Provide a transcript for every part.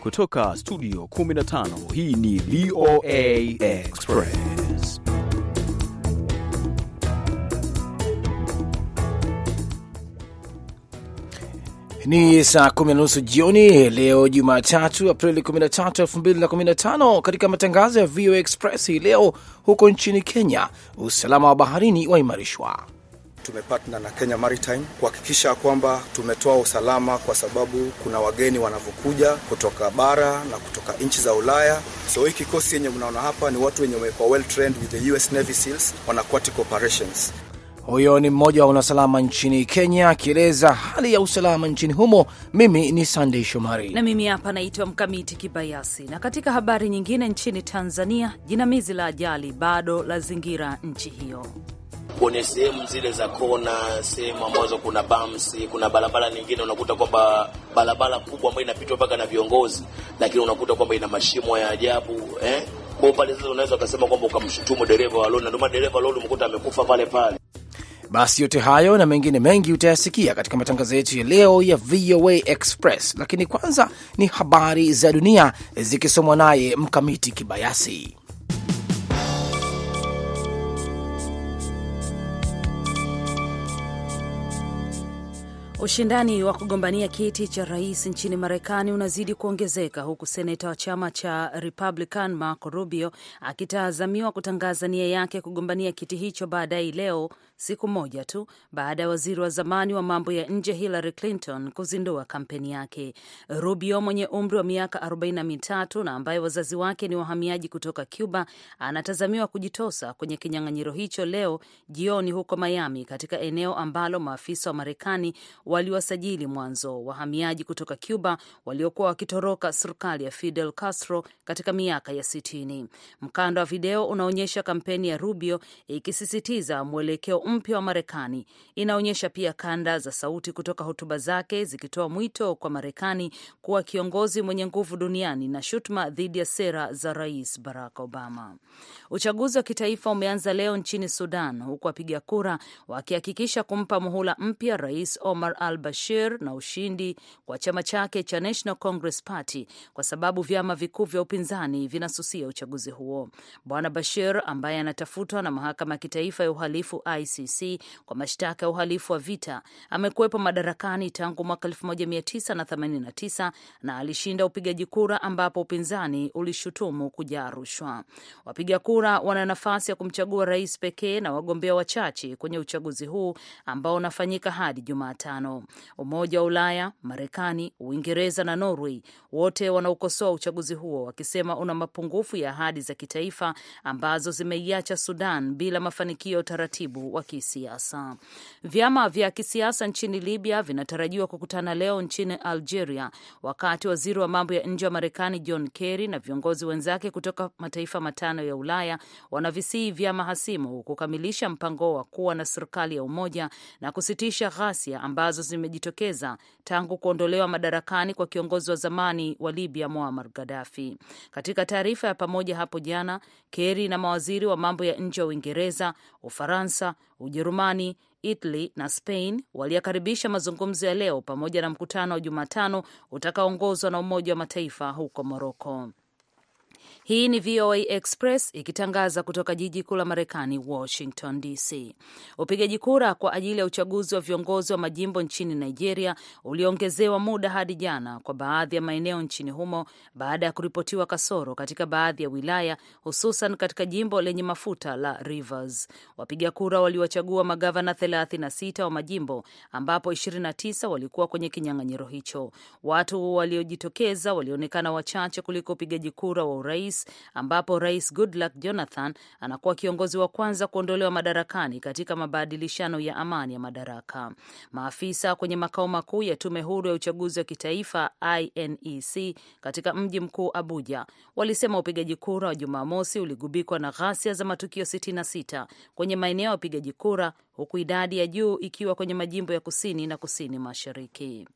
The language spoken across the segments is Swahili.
Kutoka studio 15 hii ni VOA Express. Ni saa kumi na nusu jioni leo Jumatatu, Aprili 13, 2015. Katika matangazo ya VOA Express hii leo, huko nchini Kenya, usalama wa baharini waimarishwa Tumepatna na Kenya Maritime kuhakikisha kwamba tumetoa usalama, kwa sababu kuna wageni wanavyokuja kutoka bara na kutoka nchi za Ulaya. So hii kikosi yenye mnaona hapa ni watu wenye wamekuwa well trained with the US Navy SEALs on aquatic operations. Huyo ni mmoja wa wanausalama nchini Kenya akieleza hali ya usalama nchini humo. Mimi ni Sandey Shomari na mimi hapa naitwa Mkamiti Kibayasi. Na katika habari nyingine, nchini Tanzania, jinamizi la ajali bado la zingira nchi hiyo kwenye sehemu zile za kona, sehemu ambazo kuna bumps, kuna barabara nyingine unakuta kwamba barabara kubwa ambayo inapitwa mpaka na viongozi, lakini unakuta kwamba ina mashimo ya ajabu eh? Kwa pale sasa unaweza ukasema kwamba ukamshutumu dereva wa lori, na ndio dereva wa lori umekuta amekufa pale pale. Basi yote hayo na mengine mengi utayasikia katika matangazo yetu ya leo ya VOA Express, lakini kwanza ni habari za dunia eh, zikisomwa naye Mkamiti Kibayasi. Ushindani wa kugombania kiti cha rais nchini Marekani unazidi kuongezeka huku seneta wa chama cha Republican Marco Rubio akitazamiwa kutangaza nia yake kugombania kiti hicho baadaye leo siku moja tu baada ya waziri wa zamani wa mambo ya nje Hillary Clinton kuzindua kampeni yake. Rubio mwenye umri wa miaka 43 na ambaye wazazi wake ni wahamiaji kutoka Cuba anatazamiwa kujitosa kwenye kinyang'anyiro hicho leo jioni huko Miami, katika eneo ambalo maafisa wa Marekani waliwasajili mwanzo wahamiaji kutoka Cuba waliokuwa wakitoroka serikali ya Fidel Castro katika miaka ya 60. Mkanda wa video unaonyesha kampeni ya Rubio ikisisitiza mwelekeo mpya wa Marekani inaonyesha pia kanda za sauti kutoka hotuba zake zikitoa mwito kwa Marekani kuwa kiongozi mwenye nguvu duniani na shutuma dhidi ya sera za Rais Barack Obama. Uchaguzi wa kitaifa umeanza leo nchini Sudan, huku wapiga kura wakihakikisha kumpa muhula mpya Rais Omar al Bashir na ushindi kwa chama chake cha National Congress Party, kwa sababu vyama vikuu vya upinzani vinasusia uchaguzi huo. Bwana Bashir ambaye anatafutwa na mahakama ya kitaifa ya uhalifu ICC ICC kwa mashtaka ya uhalifu wa vita. Amekuwepo madarakani tangu mwaka 1989 na alishinda upigaji kura ambapo upinzani ulishutumu kujaa rushwa. Wapiga kura wana nafasi ya kumchagua rais pekee na wagombea wachache kwenye uchaguzi huu ambao unafanyika hadi Jumatano. Umoja wa Ulaya, Marekani, Uingereza na Norway wote wanaokosoa uchaguzi huo wakisema una mapungufu ya ahadi za kitaifa ambazo zimeiacha Sudan bila mafanikio ya utaratibu wa kisiasa. Vyama vya kisiasa nchini Libya vinatarajiwa kukutana leo nchini Algeria, wakati waziri wa mambo ya nje wa Marekani John Kerry na viongozi wenzake kutoka mataifa matano ya Ulaya wanavisii vyama hasimu kukamilisha mpango wa kuwa na serikali ya umoja na kusitisha ghasia ambazo zimejitokeza tangu kuondolewa madarakani kwa kiongozi wa zamani wa Libya Muammar Gaddafi. Katika taarifa ya pamoja hapo jana, Kerry na mawaziri wa mambo ya nje wa Uingereza, Ufaransa, Ujerumani, Italy na Spain waliyakaribisha mazungumzo ya leo pamoja na mkutano wa Jumatano utakaoongozwa na Umoja wa Mataifa huko Moroko. Hii ni VOA Express ikitangaza kutoka jiji kuu la Marekani, Washington DC. Upigaji kura kwa ajili ya uchaguzi wa viongozi wa majimbo nchini Nigeria uliongezewa muda hadi jana kwa baadhi ya maeneo nchini humo baada ya kuripotiwa kasoro katika baadhi ya wilaya, hususan katika jimbo lenye mafuta la Rivers. Wapiga kura waliwachagua magavana 36 wa majimbo ambapo 29 walikuwa kwenye kinyang'anyiro hicho. Watu waliojitokeza walionekana wachache kuliko upigaji kura wa urais rais ambapo Rais Goodluck Jonathan anakuwa kiongozi wa kwanza kuondolewa madarakani katika mabadilishano ya amani ya madaraka. Maafisa kwenye makao makuu ya tume huru ya uchaguzi wa kitaifa INEC katika mji mkuu Abuja walisema upigaji kura wa Jumamosi uligubikwa na ghasia za matukio 66 kwenye maeneo ya upigaji kura, huku idadi ya juu ikiwa kwenye majimbo ya kusini na kusini mashariki.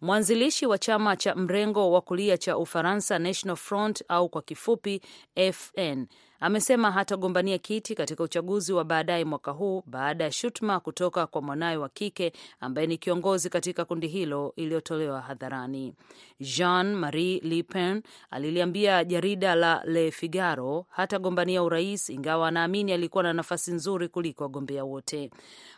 Mwanzilishi wa chama cha mrengo wa kulia cha Ufaransa National Front au kwa kifupi FN amesema hatagombania kiti katika uchaguzi wa baadaye mwaka huu baada ya shutuma kutoka kwa mwanawe wa kike ambaye ni kiongozi katika kundi hilo iliyotolewa hadharani. Jean Marie Le Pen aliliambia jarida la Le Figaro hatagombania urais, ingawa anaamini alikuwa na nafasi nzuri kuliko wagombea wote.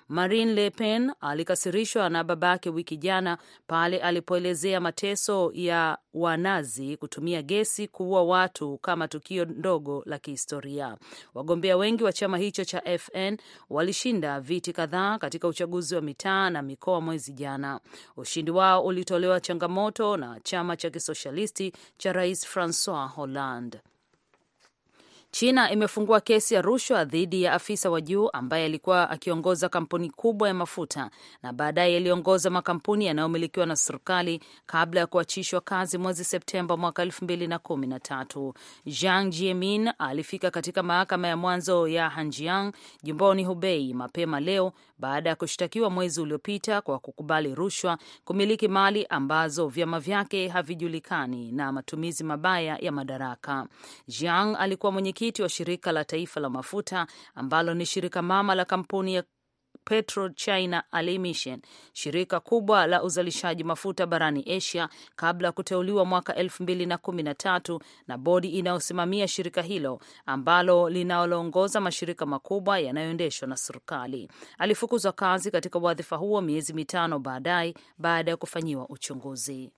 Marine Le Pen alikasirishwa na babake wiki jana pale alipoelezea mateso ya Wanazi kutumia gesi kuua watu kama tukio ndogo la kihistoria. Wagombea wengi wa chama hicho cha FN walishinda viti kadhaa katika uchaguzi wa mitaa na mikoa mwezi jana. Ushindi wao ulitolewa changamoto na chama cha kisoshalisti cha Rais Francois Hollande. China imefungua kesi ya rushwa dhidi ya afisa wa juu ambaye alikuwa akiongoza kampuni kubwa ya mafuta na baadaye aliongoza makampuni yanayomilikiwa na serikali kabla ya kuachishwa kazi mwezi Septemba mwaka tatu Jiang jiemin alifika katika mahakama ya mwanzo ya Hanjiang jimboni Hubei mapema leo baada ya kushtakiwa mwezi uliopita kwa kukubali rushwa, kumiliki mali ambazo vyama vyake havijulikani na matumizi mabaya ya madaraka. Jiang alikuwa mwenyekiti wa shirika la taifa la mafuta ambalo ni shirika mama la kampuni ya Petro China Alimission, shirika kubwa la uzalishaji mafuta barani Asia, kabla ya kuteuliwa mwaka 2013 na bodi inayosimamia shirika hilo ambalo linaloongoza mashirika makubwa yanayoendeshwa na serikali. Alifukuzwa kazi katika wadhifa huo miezi mitano baadaye baada ya kufanyiwa uchunguzi.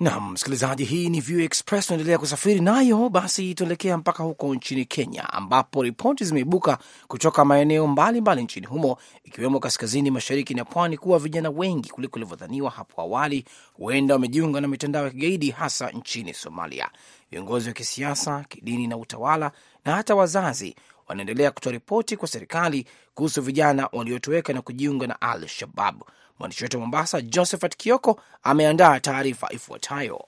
Nam msikilizaji, hii ni View Express, tunaendelea kusafiri nayo. Basi tuelekea mpaka huko nchini Kenya, ambapo ripoti zimeibuka kutoka maeneo mbalimbali mbali nchini humo, ikiwemo kaskazini mashariki na pwani, kuwa vijana wengi kuliko ilivyodhaniwa hapo awali huenda wamejiunga na mitandao ya kigaidi, hasa nchini Somalia. Viongozi wa kisiasa, kidini na utawala na hata wazazi wanaendelea kutoa ripoti kwa serikali kuhusu vijana waliotoweka na kujiunga na Al Shabab. Mwandishi wetu wa Mombasa, Josephat Kioko, ameandaa taarifa ifuatayo.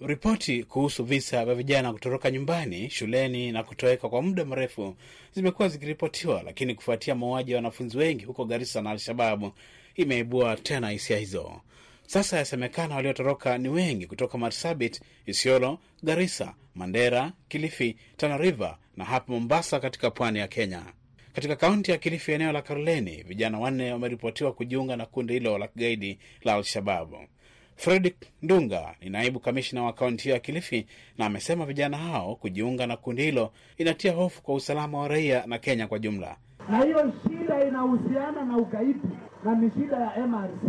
Ripoti kuhusu visa vya vijana kutoroka nyumbani, shuleni na kutoweka kwa muda mrefu zimekuwa zikiripotiwa, lakini kufuatia mauaji ya wanafunzi wengi huko Garissa na Alshababu imeibua tena hisia hizo. Sasa yasemekana waliotoroka ni wengi kutoka Marsabit, Isiolo, Garissa, Mandera, Kilifi, Tana River na hapa Mombasa katika pwani ya Kenya. Katika kaunti ya Kilifi, eneo la Karoleni, vijana wanne wameripotiwa kujiunga na kundi hilo la kigaidi la alshababu fredi Ndunga ni naibu kamishna wa kaunti hiyo ya Kilifi na amesema vijana hao kujiunga na kundi hilo inatia hofu kwa usalama wa raia na Kenya kwa jumla. Na hiyo shida inahusiana na ugaidi na ni shida ya MRC.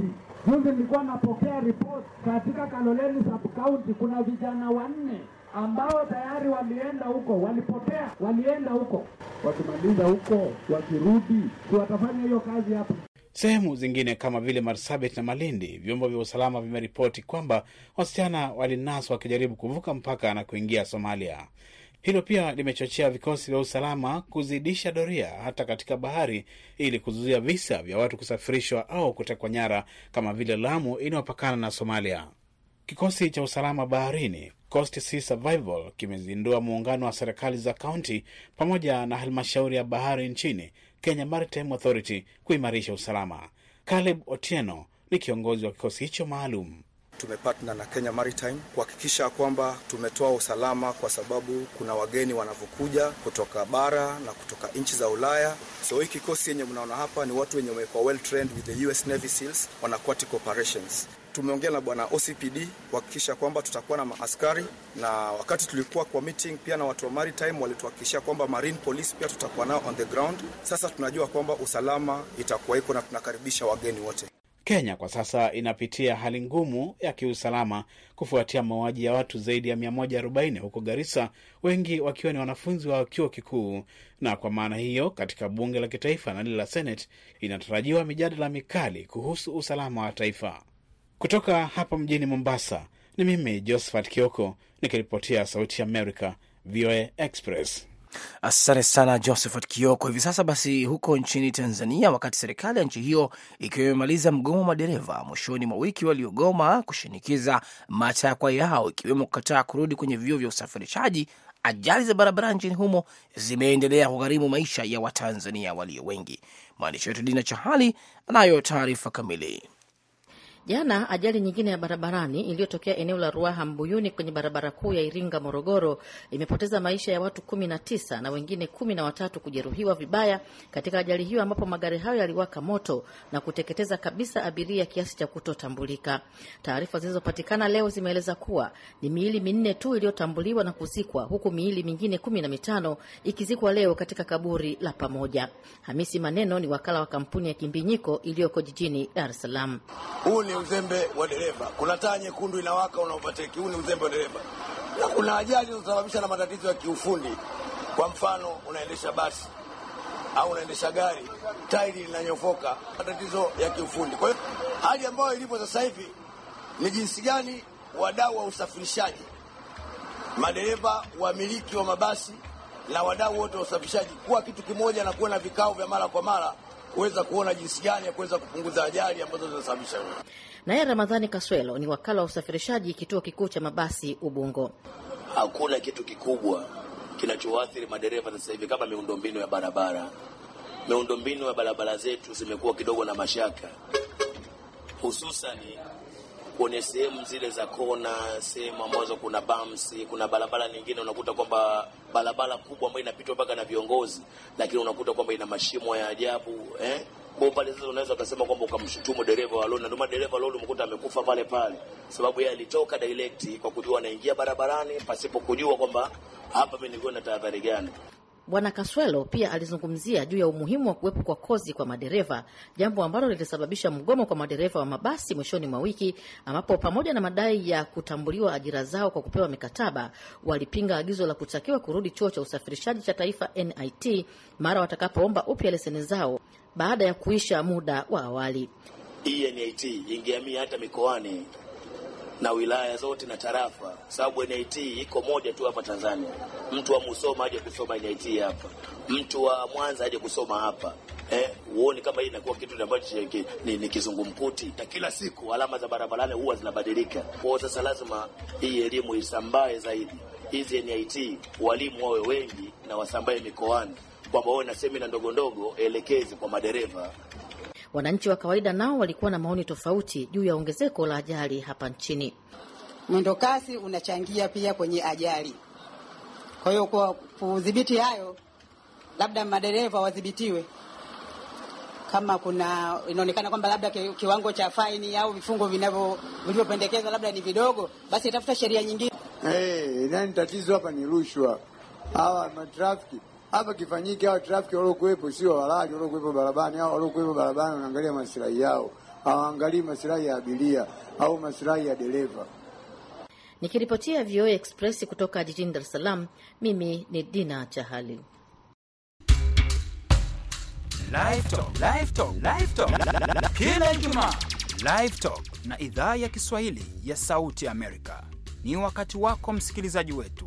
Juzi nilikuwa napokea ripoti katika Kaloleni sabkaunti kuna vijana wanne ambao tayari walienda huko, walipotea, walienda huko. Wakimaliza huko, wakirudi, si watafanya hiyo kazi hapa? Sehemu zingine kama vile Marsabit na Malindi, vyombo vya usalama vimeripoti kwamba wasichana walinaswa wakijaribu kuvuka mpaka na kuingia Somalia. Hilo pia limechochea vikosi vya usalama kuzidisha doria hata katika bahari ili kuzuia visa vya watu kusafirishwa au kutekwa nyara, kama vile Lamu inayopakana na Somalia. Kikosi cha usalama baharini Coast Sea Survival kimezindua muungano wa serikali za kaunti pamoja na halmashauri ya bahari nchini Kenya Maritime Authority kuimarisha usalama. Caleb Otieno ni kiongozi wa kikosi hicho maalum. Tumepartner na Kenya Maritime kuhakikisha kwamba tumetoa usalama, kwa sababu kuna wageni wanavyokuja kutoka bara na kutoka nchi za Ulaya. So hii kikosi yenye mnaona hapa ni watu wenye wamekuwa well trained with the US Navy SEALs on aquatic operations tumeongea na bwana OCPD kuhakikisha kwamba tutakuwa na maaskari, na wakati tulikuwa kwa meeting pia na watu wa maritime walituhakikishia kwamba marine police pia tutakuwa nao on the ground. Sasa tunajua kwamba usalama itakuwa iko na tunakaribisha wageni wote. Kenya kwa sasa inapitia hali ngumu ya kiusalama kufuatia mauaji ya watu zaidi ya 140 huko Garissa, wengi wakiwa ni wanafunzi wa chuo kikuu. Na kwa maana hiyo, katika bunge la kitaifa na lile la Senate inatarajiwa mijadala mikali kuhusu usalama wa taifa. Kutoka hapa mjini Mombasa ni mimi Josephat Kioko nikiripotia Sauti ya America, VOA Express. Asante sana Josephat Kioko. Hivi sasa basi, huko nchini Tanzania, wakati serikali ya nchi hiyo ikiwa imemaliza mgomo wa madereva mwishoni mwa wiki, waliogoma kushinikiza matakwa yao, ikiwemo kukataa kurudi kwenye vyuo vya usafirishaji, ajali za barabara nchini humo zimeendelea kugharimu maisha ya Watanzania walio wengi. Mwandishi wetu Dina Chahali anayo taarifa kamili. Jana ajali nyingine ya barabarani iliyotokea eneo la Ruaha Mbuyuni kwenye barabara kuu ya Iringa Morogoro imepoteza maisha ya watu kumi na tisa na wengine kumi na watatu kujeruhiwa vibaya katika ajali hiyo, ambapo magari hayo yaliwaka moto na kuteketeza kabisa abiria kiasi cha kutotambulika. Taarifa zilizopatikana leo zimeeleza kuwa ni miili minne tu iliyotambuliwa na kuzikwa, huku miili mingine kumi na mitano ikizikwa leo katika kaburi la pamoja. Hamisi Maneno ni wakala wa kampuni ya Kimbinyiko iliyoko jijini Dar es Salaam uzembe wa dereva. Kuna taa nyekundu inawaka, unaovateki, huu ni uzembe wa dereva, na kuna ajali zinazosababisha na matatizo ya kiufundi. Kwa mfano, unaendesha basi au unaendesha gari, tairi linanyofoka, matatizo ya kiufundi. Kwa hiyo hali ambayo ilipo sasa hivi ni jinsi gani wadau wa usafirishaji, madereva, wamiliki wa mabasi na wadau wote wa usafirishaji kuwa kitu kimoja na kuwa na vikao vya mara kwa mara kuweza kuona jinsi gani ya kuweza kupunguza ajali ambazo zinasababisha. Naye Ramadhani Kaswelo ni wakala wa usafirishaji kituo kikuu cha mabasi Ubungo. Hakuna kitu kikubwa kinachoathiri madereva sasa hivi kama miundombinu ya barabara. Miundombinu ya barabara zetu zimekuwa kidogo na mashaka, hususani kwenye sehemu zile za kona, sehemu ambazo kuna bumps, kuna barabara nyingine unakuta kwamba barabara kubwa ambayo inapitwa mpaka na viongozi, lakini unakuta kwamba ina mashimo ya ajabu eh? Kwa pale sasa unaweza ukasema kwamba ukamshutumu dereva wa lori, na ndio dereva lori umekuta amekufa pale pale, sababu yeye alitoka direct kwa kujua anaingia barabarani pasipo kujua kwamba hapa mimi nilikuwa na tahadhari gani. Bwana Kaswelo pia alizungumzia juu ya umuhimu wa kuwepo kwa kozi kwa madereva, jambo ambalo lilisababisha mgomo kwa madereva wa mabasi mwishoni mwa wiki, ambapo pamoja na madai ya kutambuliwa ajira zao kwa kupewa mikataba, walipinga agizo la kutakiwa kurudi chuo cha usafirishaji cha taifa NIT mara watakapoomba upya leseni zao baada ya kuisha muda wa awali. Hii NIT ingehamia hata mikoani na wilaya zote na tarafa, sababu NIT iko moja tu hapa Tanzania. Mtu wa Musoma aje kusoma NIT hapa, mtu wa Mwanza aje kusoma hapa. Eh, huoni kama hii inakuwa kitu ambacho ni, ni kizungumkuti, na kila siku alama za barabarani huwa zinabadilika. Kwa sasa lazima hii elimu isambae zaidi, hizi NIT walimu wawe wengi na wasambae mikoani, kwamba wawe na semina ndogo ndogo elekezi kwa madereva Wananchi wa kawaida nao walikuwa na maoni tofauti juu ya ongezeko la ajali hapa nchini. Mwendokasi unachangia pia kwenye ajali, kwa hiyo kwa kudhibiti hayo, labda madereva wadhibitiwe kama kuna inaonekana kwamba labda kiwango cha faini au vifungo vinavyo vilivyopendekezwa labda ni vidogo, basi itafuta sheria nyingine. Hey, eh, nani tatizo hapa ni rushwa. Hawa matrafiki hapa kifanyike, hawa trafiki waliokuwepo sio walali, waliokuwepo barabarani, hao waliokuwepo barabarani wanaangalia masilahi yao, hawaangalii masilahi ya abiria au masilahi ya dereva. Nikiripotia VOA Express kutoka jijini Dar es Salaam, mimi ni Dina Chahali. Kila Ijumaa Live Talk na idhaa ya Kiswahili ya Sauti Amerika ni wakati wako msikilizaji wetu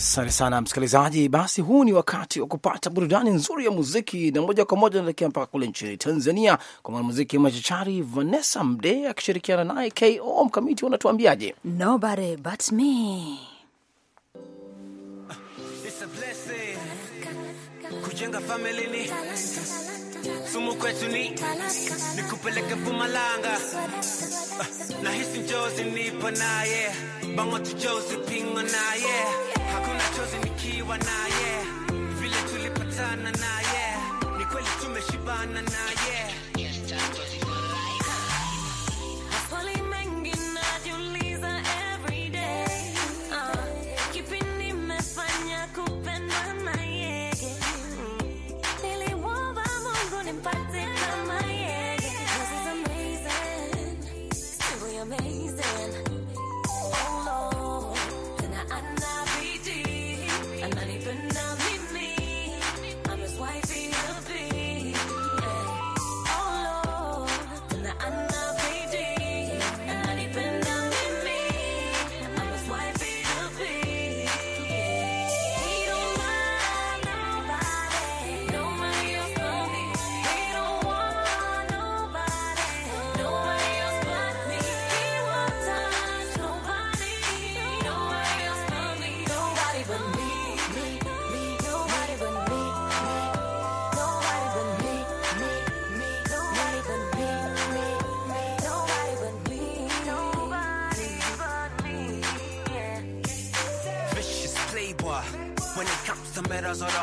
Asante sana msikilizaji, basi huu ni wakati wa kupata burudani nzuri ya muziki, na moja kwa moja naelekea mpaka kule nchini Tanzania kwa mwanamuziki machachari Vanessa Mdee akishirikiana naye Ko Mkamiti. unatuambiaje? Nobody but me. Kujenga ni sumu kwetu, ni Pumalanga ah, na hisi njozi nipo naye bango tujozi pingo naye hakuna chozi nikiwa naye, vile tulipatana naye, ni kweli tumeshibana naye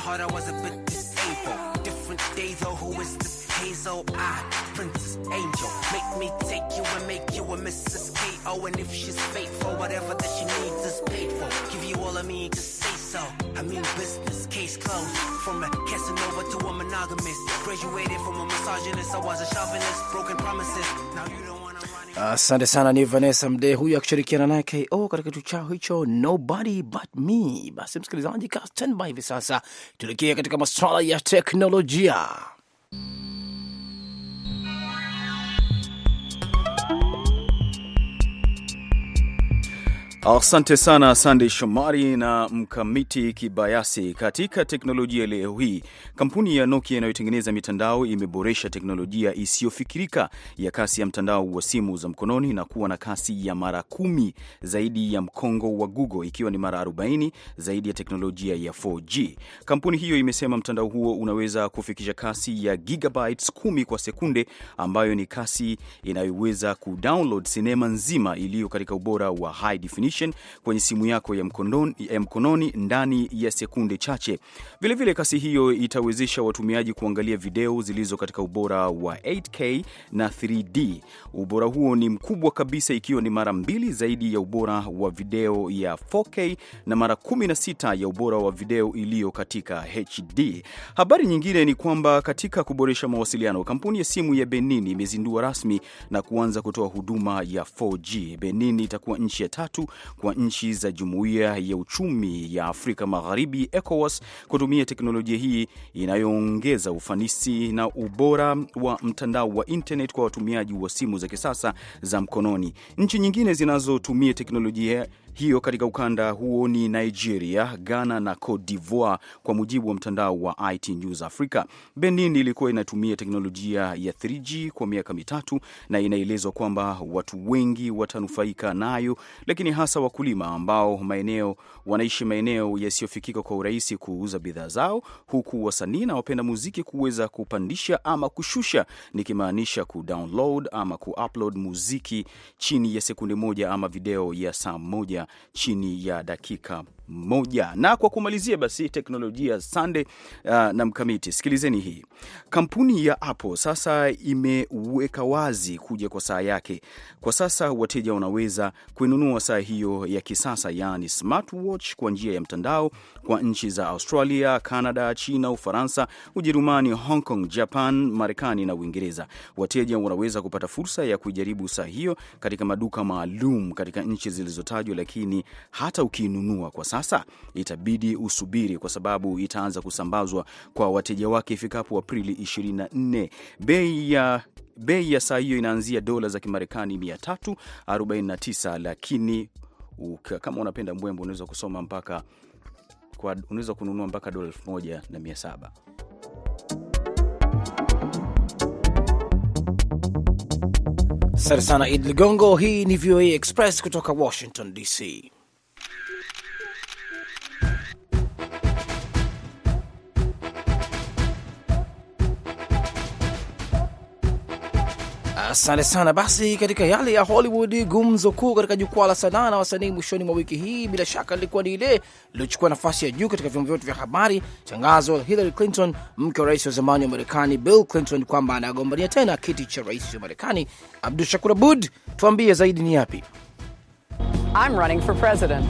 heart I was a bit disabled. Different day though, who is this hazel eye? Princess Angel, make me take you and make you a Mrs. K.O. And if she's faithful, whatever that she needs is paid for. Give you all of me, just say so. I mean business, case closed. From a Casanova to a monogamist. Graduated from a misogynist, I was a chauvinist. Broken promises, Asante sana, ni Vanessa Mdee huyu akishirikiana naye KO oh, katika kitu chao hicho Nobody But Me. Basi msikilizaji, ka standby hivi sasa, tuelekee katika maswala ya teknolojia. Asante sana Sandey Shomari na Mkamiti Kibayasi. Katika teknolojia leo hii, kampuni ya Nokia inayotengeneza mitandao imeboresha teknolojia isiyofikirika ya kasi ya mtandao wa simu za mkononi na kuwa na kasi ya mara kumi zaidi ya mkongo wa Google, ikiwa ni mara 40 zaidi ya teknolojia ya 4G. Kampuni hiyo imesema mtandao huo unaweza kufikisha kasi ya gigabytes kumi kwa sekunde, ambayo ni kasi inayoweza kudownload sinema nzima iliyo katika ubora wa high definition application kwenye simu yako ya mkononi, ya mkononi ndani ya sekunde chache. Vilevile kasi hiyo itawezesha watumiaji kuangalia video zilizo katika ubora wa 8K na 3D. Ubora huo ni mkubwa kabisa, ikiwa ni mara mbili zaidi ya ubora wa video ya 4K na mara 16 ya ubora wa video iliyo katika HD. Habari nyingine ni kwamba katika kuboresha mawasiliano, kampuni ya simu ya Benin imezindua rasmi na kuanza kutoa huduma ya 4G. Benin itakuwa nchi ya tatu kwa nchi za Jumuiya ya Uchumi ya Afrika Magharibi, ECOWAS, kutumia teknolojia hii inayoongeza ufanisi na ubora wa mtandao wa internet kwa watumiaji wa simu za kisasa za mkononi. Nchi nyingine zinazotumia teknolojia hiyo katika ukanda huo ni Nigeria, Ghana na Cote d'Ivoire, kwa mujibu wa mtandao wa IT News Africa. Benin ilikuwa inatumia teknolojia ya 3G kwa miaka mitatu na inaelezwa kwamba watu wengi watanufaika nayo, lakini hasa wakulima ambao maeneo wanaishi maeneo yasiyofikika kwa urahisi kuuza bidhaa zao, huku wasanii na wapenda muziki kuweza kupandisha ama kushusha, nikimaanisha kudownload ama kuupload muziki chini ya sekunde moja ama video ya saa moja chini ya dakika moja. Na kwa kumalizia basi teknolojia sande uh, na mkamiti, sikilizeni hii. Kampuni ya Apple sasa imeweka wazi kuja kwa saa yake. Kwa sasa wateja wanaweza kuinunua saa hiyo ya kisasa, yaani smartwatch kwa njia ya mtandao kwa nchi za Australia, Canada, China, Ufaransa, Ujerumani, Hong Kong, Japan, Marekani na Uingereza. Wateja wanaweza kupata fursa ya kujaribu saa hiyo katika maduka maalum katika nchi zilizotajwa, lakini lakini hata ukiinunua kwa sasa itabidi usubiri, kwa sababu itaanza kusambazwa kwa wateja wake ifikapo Aprili 24. Bei ya bei ya saa hiyo inaanzia dola za Kimarekani 349, lakini uka, kama unapenda mbwembo unaweza kusoma mpaka unaweza kununua mpaka dola elfu Asante sana Id Ligongo. Hii ni VOA Express kutoka Washington DC. Asante sana. Basi katika yale ya Hollywood, gumzo kuu katika jukwaa la sanaa na wasanii mwishoni mwa wiki hii bila shaka lilikuwa ni ile iliochukua nafasi ya juu katika vyombo vyote vya habari, tangazo la Hillary Clinton, mke wa rais wa zamani wa Marekani Bill Clinton, kwamba anagombania tena kiti cha rais wa Marekani. Abdu Shakur Abud, tuambie zaidi ni yapi? I'm running for president.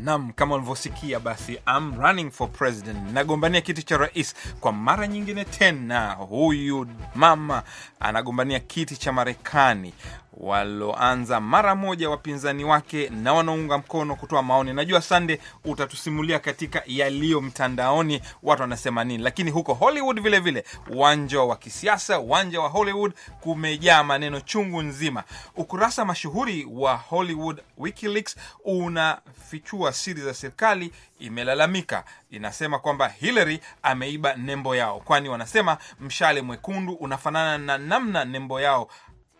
Nam, kama ulivyosikia, basi I'm running for president, nagombania kiti cha rais kwa mara nyingine tena. Huyu mama anagombania kiti cha Marekani waloanza mara moja wapinzani wake na wanaunga mkono kutoa maoni. Najua Sande utatusimulia katika yaliyo mtandaoni, watu wanasema nini, lakini huko Hollywood vilevile, uwanja wa kisiasa, uwanja wa Hollywood kumejaa maneno chungu nzima. Ukurasa mashuhuri wa Hollywood wiki WikiLeaks unafichua siri za serikali imelalamika, inasema kwamba Hillary ameiba nembo yao, kwani wanasema mshale mwekundu unafanana na namna nembo yao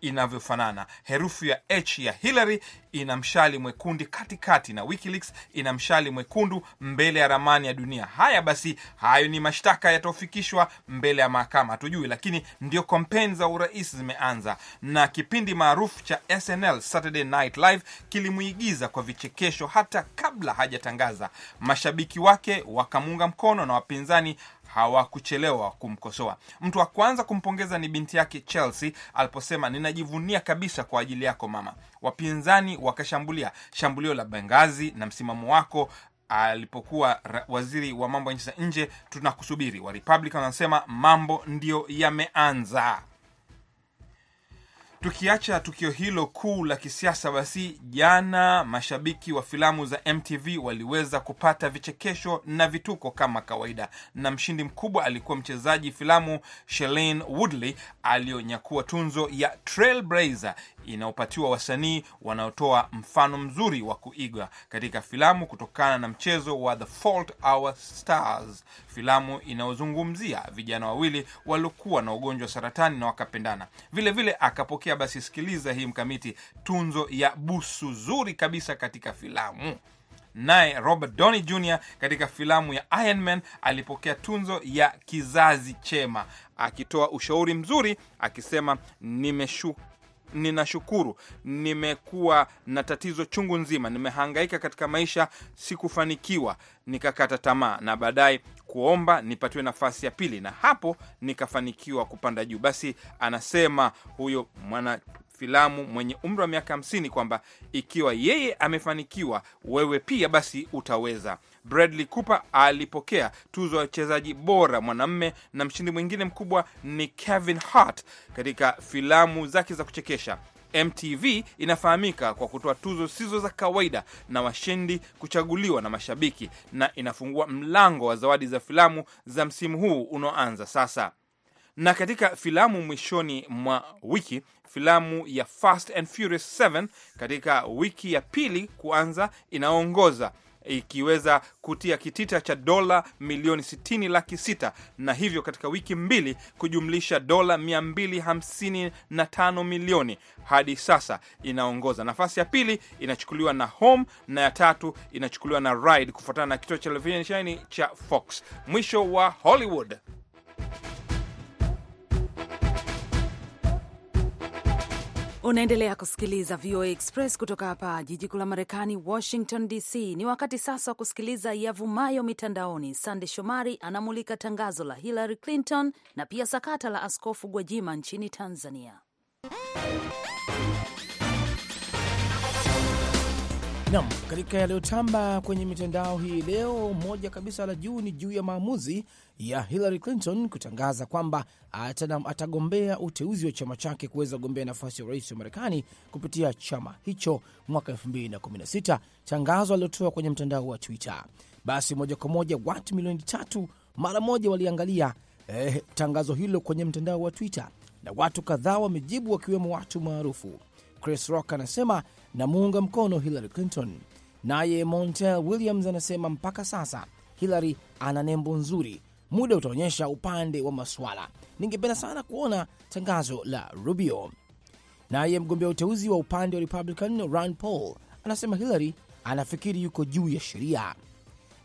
inavyofanana. Herufi ya H ya Hillary ina mshali mwekundi katikati na WikiLeaks ina mshali mwekundu mbele ya ramani ya dunia. Haya basi, hayo ni mashtaka yataofikishwa mbele ya mahakama, hatujui, lakini ndio kampeni za urais zimeanza. Na kipindi maarufu cha SNL Saturday Night Live kilimuigiza kwa vichekesho hata kabla hajatangaza. Mashabiki wake wakamuunga mkono na wapinzani hawakuchelewa kumkosoa. Mtu wa kwanza kumpongeza ni binti yake Chelsea aliposema, ninajivunia kabisa kwa ajili yako mama. Wapinzani wakashambulia shambulio la Bengazi na msimamo wako alipokuwa waziri wa mambo ya nchi za nje. Tunakusubiri. Warepublican wanasema mambo ndiyo yameanza. Tukiacha tukio hilo kuu la kisiasa, basi jana mashabiki wa filamu za MTV waliweza kupata vichekesho na vituko kama kawaida, na mshindi mkubwa alikuwa mchezaji filamu Shailene Woodley aliyonyakua tunzo ya Trailblazer inayopatiwa wasanii wanaotoa mfano mzuri wa kuiga katika filamu kutokana na mchezo wa The Fault Our Stars, filamu inayozungumzia vijana wawili waliokuwa na ugonjwa wa saratani na wakapendana. Vilevile akapokea kuelekea basi sikiliza hii mkamiti, tunzo ya busu zuri kabisa katika filamu naye Robert doni Jr katika filamu ya Iron Man alipokea tunzo ya kizazi chema, akitoa ushauri mzuri akisema, nimeshuka ninashukuru, nimekuwa na tatizo chungu nzima, nimehangaika katika maisha, sikufanikiwa, nikakata tamaa na baadaye kuomba nipatiwe nafasi ya pili, na hapo nikafanikiwa kupanda juu. Basi anasema huyo mwana filamu mwenye umri wa miaka hamsini kwamba ikiwa yeye amefanikiwa, wewe pia basi utaweza. Bradley Cooper alipokea tuzo ya mchezaji bora mwanamme, na mshindi mwingine mkubwa ni Kevin Hart katika filamu zake za kuchekesha. MTV inafahamika kwa kutoa tuzo zisizo za kawaida na washindi kuchaguliwa na mashabiki, na inafungua mlango wa zawadi za filamu za msimu huu unaoanza sasa. Na katika filamu, mwishoni mwa wiki, filamu ya Fast and Furious 7 katika wiki ya pili kuanza inaongoza ikiweza kutia kitita cha dola milioni sitini laki sita na hivyo katika wiki mbili kujumlisha dola 255 milioni hadi sasa inaongoza. Nafasi ya pili inachukuliwa na Home na ya tatu inachukuliwa na Ride kufuatana na kituo cha televisheni cha Fox. Mwisho wa Hollywood. Unaendelea kusikiliza VOA Express kutoka hapa jiji kuu la Marekani, Washington DC. Ni wakati sasa wa kusikiliza yavumayo mitandaoni. Sande Shomari anamulika tangazo la Hillary Clinton na pia sakata la Askofu Gwajima nchini Tanzania. Nam, katika yaliyotamba kwenye mitandao hii leo, moja kabisa la juu ni juu ya maamuzi ya Hillary Clinton kutangaza kwamba atagombea uteuzi wa chama chake kuweza kugombea nafasi ya urais wa Marekani kupitia chama hicho mwaka 2016, tangazo alilotoa kwenye mtandao wa Twitter. Basi moja kwa moja watu milioni tatu mara moja waliangalia eh, tangazo hilo kwenye mtandao wa Twitter na watu kadhaa wamejibu, wakiwemo watu maarufu. Chris Rock anasema na muunga mkono Hillary Clinton. Naye Montel Williams anasema mpaka sasa Hillary ana nembo nzuri, muda utaonyesha upande wa maswala. Ningependa sana kuona tangazo la Rubio. Naye mgombea uteuzi wa upande wa Republican Rand Paul anasema Hillary anafikiri yuko juu ya sheria.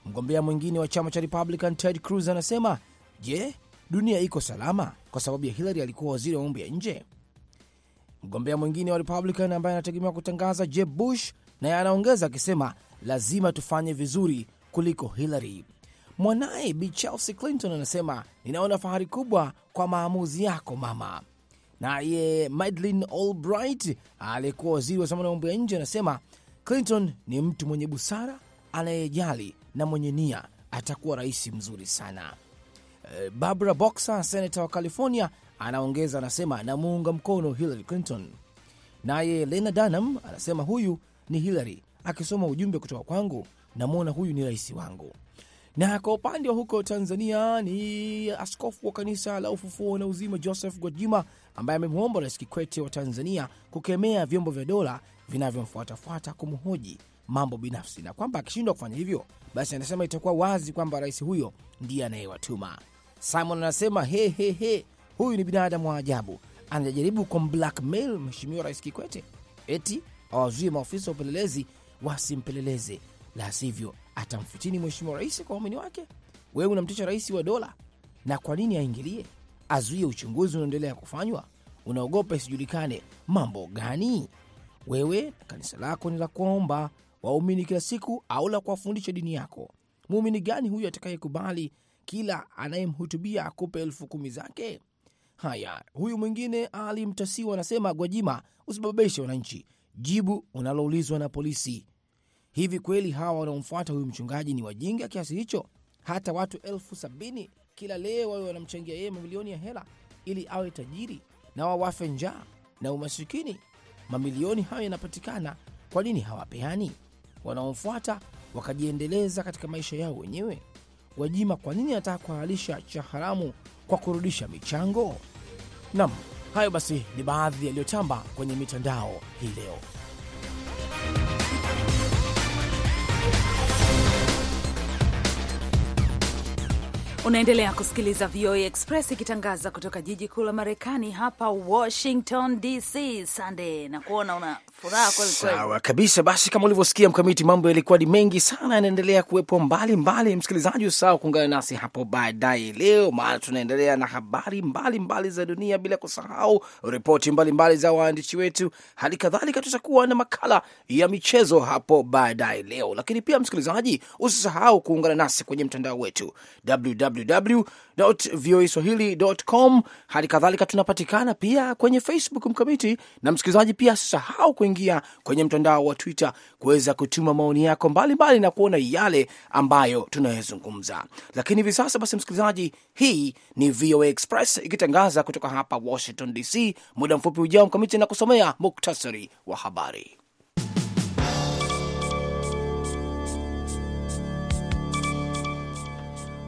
Mgombea mwingine wa chama cha Republican Ted Cruz anasema je, dunia iko salama kwa sababu ya Hillary alikuwa waziri wa mambo ya nje? Mgombea mwingine wa Republican ambaye anategemewa kutangaza Jeb Bush naye anaongeza akisema, lazima tufanye vizuri kuliko Hillary. Mwanaye Bi Chelsea Clinton anasema, ninaona fahari kubwa kwa maamuzi yako mama. Naye Madeleine Albright aliyekuwa waziri wa zamani wa mambo ya nje anasema, Clinton ni mtu mwenye busara, anayejali na mwenye nia, atakuwa rais mzuri sana. Eh, Barbara Boxer, senata wa California, Anaongeza anasema namuunga mkono Hillary Clinton. Naye Lena Dunham anasema huyu ni Hillary, akisoma ujumbe kutoka kwangu namwona huyu ni rais wangu. Na kwa upande wa huko Tanzania ni askofu wa kanisa la Ufufuo na Uzima Joseph Gwajima ambaye amemwomba Rais Kikwete wa Tanzania kukemea vyombo vya dola vinavyomfuatafuata kumhoji mambo binafsi, na kwamba akishindwa kufanya hivyo, basi anasema itakuwa wazi kwamba rais huyo ndiye anayewatuma. Simon anasema hehehe, he, he, huyu ni binadamu wa ajabu, anajaribu kumblackmail Mheshimiwa Rais Kikwete eti awazuie maofisa wa upelelezi wasimpeleleze, la sivyo atamfitini Mheshimiwa Rais kwa waumini wake. Wewe unamtisha rais wa dola, na kwa nini aingilie, azuie uchunguzi unaendelea kufanywa? Unaogopa isijulikane mambo gani? Wewe kanisa lako ni la kuomba waumini kila siku au la kuwafundisha dini yako? Muumini gani huyu atakayekubali kila anayemhutubia akupe elfu kumi zake? Haya, huyu mwingine Ali Mtasiwa anasema, Gwajima, usibababishe wananchi, jibu unaloulizwa na polisi. Hivi kweli hawa wanaomfuata huyu mchungaji ni wajinga kiasi hicho? Hata watu elfu sabini kila leo wawe wanamchangia yeye mamilioni ya hela ili awe tajiri na wawafe njaa na umasikini. Mamilioni hayo yanapatikana, kwa nini hawapeani? Wanaomfuata wakajiendeleza katika maisha yao wenyewe. Gwajima, kwa nini anataka kuhalalisha cha haramu kwa kurudisha michango? Nam, hayo basi ni baadhi yaliyotamba kwenye mitandao hii leo. Unaendelea kusikiliza VOA Express ikitangaza kutoka jiji kuu la Marekani hapa Washington DC. Sande, na kuona una furaha kweli Sawa kabisa. Basi kama ulivyosikia Mkamiti, mambo yalikuwa ni mengi sana, yanaendelea kuwepo mbalimbali. Msikilizaji, usahau kuungana nasi hapo baadaye leo, maana tunaendelea na habari mbalimbali mbali za dunia, bila kusahau ripoti mbalimbali za waandishi wetu. Hali kadhalika tutakuwa na makala ya michezo hapo baadaye leo, lakini pia msikilizaji, usisahau kuungana nasi kwenye mtandao wetu www www.voaswahili.com. Hali kadhalika tunapatikana pia kwenye Facebook mkamiti na msikilizaji, pia asisahau kuingia kwenye mtandao wa Twitter kuweza kutuma maoni yako mbalimbali na kuona yale ambayo tunayazungumza. Lakini hivi sasa basi, msikilizaji, hii ni VOA Express ikitangaza kutoka hapa Washington DC. Muda mfupi ujao mkamiti na kusomea muktasari wa habari.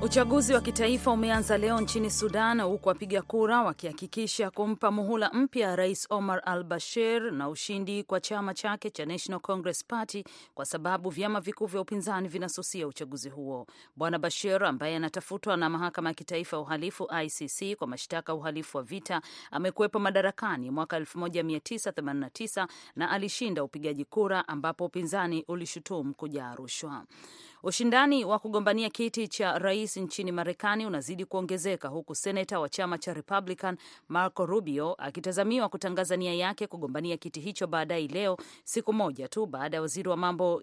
Uchaguzi wa kitaifa umeanza leo nchini Sudan, huku wapiga kura wakihakikisha kumpa muhula mpya Rais Omar al Bashir na ushindi kwa chama chake cha National Congress Party, kwa sababu vyama vikuu vya upinzani vinasusia uchaguzi huo. Bwana Bashir ambaye anatafutwa na mahakama ya kitaifa ya uhalifu ICC kwa mashtaka ya uhalifu wa vita amekuwepo madarakani mwaka 1989 na alishinda upigaji kura ambapo upinzani ulishutumu kujaa rushwa. Ushindani wa kugombania kiti cha rais nchini Marekani unazidi kuongezeka huku seneta wa chama cha Republican Marco Rubio akitazamiwa kutangaza nia yake kugombania kiti hicho baadaye leo, siku moja tu baada ya waziri wa mambo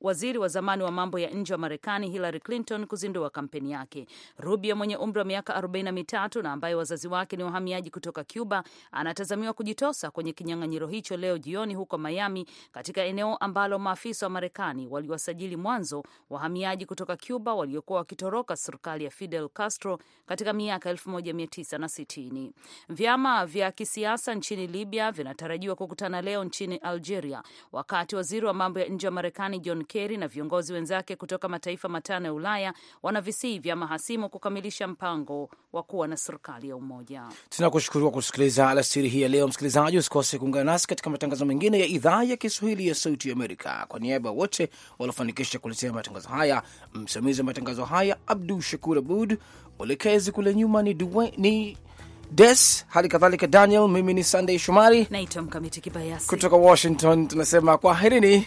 waziri wa zamani wa mambo ya nje wa Marekani Hillary Clinton kuzindua kampeni yake. Rubio mwenye umri wa miaka 43 na na ambaye wazazi wake ni wahamiaji kutoka Cuba anatazamiwa kujitosa kwenye kinyang'anyiro hicho leo jioni huko Miami, katika eneo ambalo maafisa wa Marekani waliwasajili mwanzo wahamiaji kutoka Cuba waliokuwa wakitoroka serikali ya Fidel Castro katika miaka 1960. Vyama vya kisiasa nchini Libya vinatarajiwa kukutana leo nchini Algeria, wakati waziri wa mambo ya nje wa Marekani John Kerry na viongozi wenzake kutoka mataifa matano ya Ulaya wanavisii vya mahasimu kukamilisha mpango wa kuwa na serikali ya umoja. Tunakushukuru kwa kusikiliza alasiri hii ya leo. Msikilizaji, usikose kuungana nasi katika matangazo mengine ya idhaa ya Kiswahili ya Sauti ya Amerika. Kwa niaba ya wote waliofanikisha kuletea matangazo haya, msimamizi wa matangazo haya Abdu Shakur Abud, mwelekezi kule nyuma ni Duwe, ni Des, hali kadhalika Daniel. Mimi ni Sunday Shomari naitwa Mkamiti Kibayasi kutoka Washington, tunasema kwaherini.